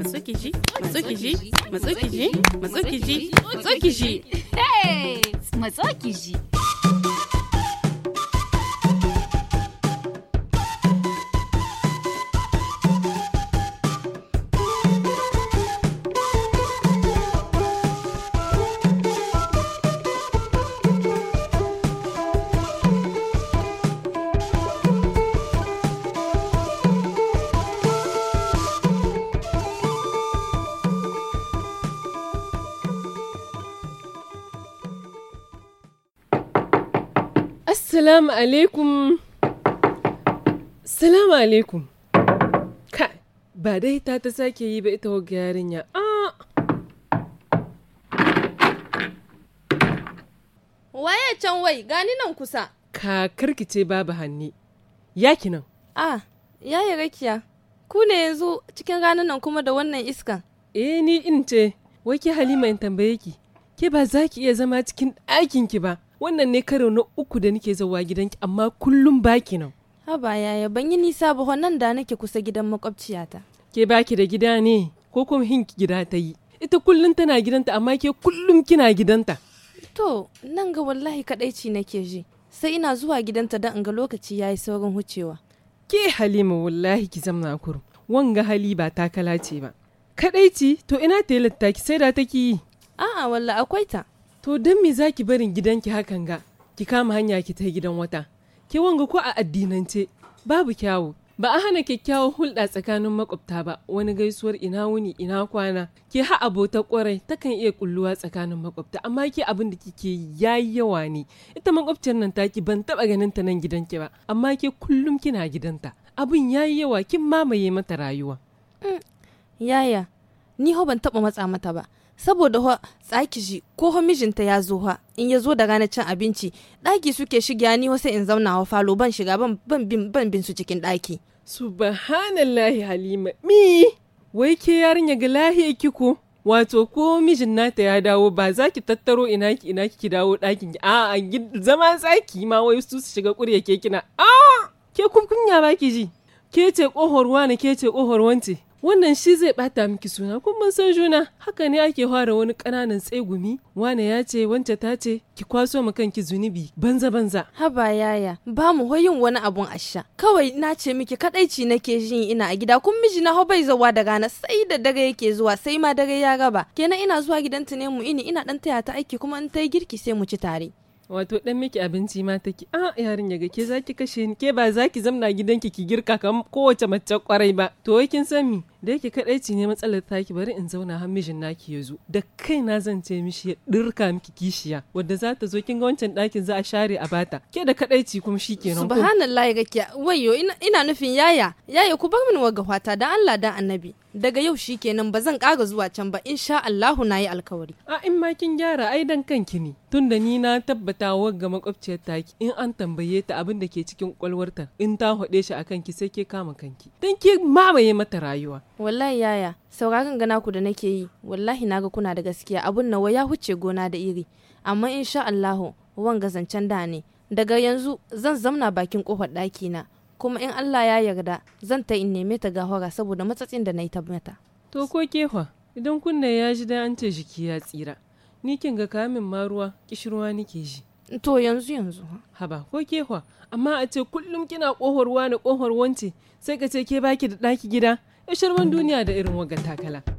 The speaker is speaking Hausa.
Masukiji, Masukiji, Masukiji, Masukiji, Masukiji. Hey! Masukiji. Assalamu alaikum. Assalamu alaikum. Ka, ba dai ta ta sake yi ba ita wagga yarinya. Ah. Waye can wai gani nan kusa. Ka karkice babu hanni. Yaki nan. Ah, yi rakiya. Ku ne yanzu cikin ranar nan kuma da wannan iska. Eh ni in ce, wai ke Halima in tambaye ki. Ke ba za ki iya zama cikin ɗakin ki ba. wannan ne karo na uku da nake zauwa gidanki amma kullum baki nan haba yaya ban yi nisa ba nan da nake kusa gidan makwabciyata ke baki da gida ne ko kuma hinki gida ta yi ita kullum tana gidanta amma ke kullum kina gidanta to nan ga wallahi kadaici nake ji sai ina zuwa gidanta don in ga lokaci yayi saurin hucewa ke halima wallahi ki zamna kuru, wanga hali ba takala ce ba kadaici to ina ta yi ki sai da take yi a'a walla akwai ta To don me za ki barin gidanki hakan ga, ki kama hanya ki ta gidan wata. Ki wanga ko a addinance, babu kyawu. Ba a hana kyakkyawar hulɗa tsakanin makwabta ba, wani gaisuwar ina wuni ina kwana, ke ha abota kwarai takan iya kulluwa tsakanin makwabta, amma ke abin da kike yayi yawa ne. Ita makwabciyar nan taki ban taɓa ganin ta nan gidanki ba, amma ke kullum kina gidanta. Abin yayi yawa kin mamaye mata rayuwa. Mm, yaya, ni ho ban taɓa matsa mata ba. saboda fa tsaki shi ko mijinta ya zo ha in ya zo da ranar cin abinci ɗaki suke shiga ni sai in zauna wa falo ban shiga ban bin ban bin su cikin ɗaki. subhanallahi halima mi wai ke yarinya ga lahiya kiko wato ko mijin nata ya dawo ba za ki tattaro ina ki ina ki dawo ɗakin ki a zama tsaki ma wai su su shiga ƙurya ke kina a ke kunkunya kunya ba ki ji ke ce ƙohorwa na ke ce ƙohorwance wannan shi zai bata miki suna kun mun san juna haka ne ake fara wani ƙananan tsegumi wane ya ce wance ta ce ki kwaso ma kanki zunubi banza banza haba yaya ba mu hoyin wani abun asha kawai na ce miki kadaici nake jin ina a gida kun miji na bai zawa da rana sai da dare yake zuwa sai ma dare ya raba kenan ina zuwa gidanta ne mu ini ina dan taya ta aiki kuma in ta yi girki sai mu ci tare wato dan miki abinci ma take a ah, yarin yaga ke zaki kashe ni ke ba zaki zamna gidanki ki girka kam kowace mace kwarai ba to wai kin san da yake kadaici ne matsalar taki bari in zauna har mijin naki ya zo da kaina zan ce mishi ya dirka miki kishiya wadda za ta zo kin ga wancan dakin za a share a bata ke da ci kuma shi subhanallah ya gakiya wayo ina nufin yaya yaya ku bar min waga fata dan Allah dan annabi daga yau shi kenan ba zan ƙara zuwa can ba insha Allahu nayi alkawari a in ma kin gyara ai dan kanki ne tunda ni na tabbata wagga makwabciyar taki in an tambaye ta abin da ke cikin kwalwarta in ta hode shi akan ki sai ke kama kanki dan ki mamaye mata rayuwa wallahi yaya sauraron gana ku da nake yi wallahi naga kuna da gaskiya abun nawa ya huce gona da iri amma insha Allahu wan gazancen da ne daga yanzu zan zamna bakin kofar ɗaki na kuma in Allah ya yarda zan ta in neme ta gahora saboda matsatsin da na yi ta mata to ko kefa idan kunna ya ji da an ce jiki ya tsira ni kin ga kamin ma kishirwa nike ji to yanzu yanzu haba ko kefa amma a ce kullum kina kohorwa na kohor wance sai ka ce ke baki da ɗaki gida shirman duniya da irin wagan takala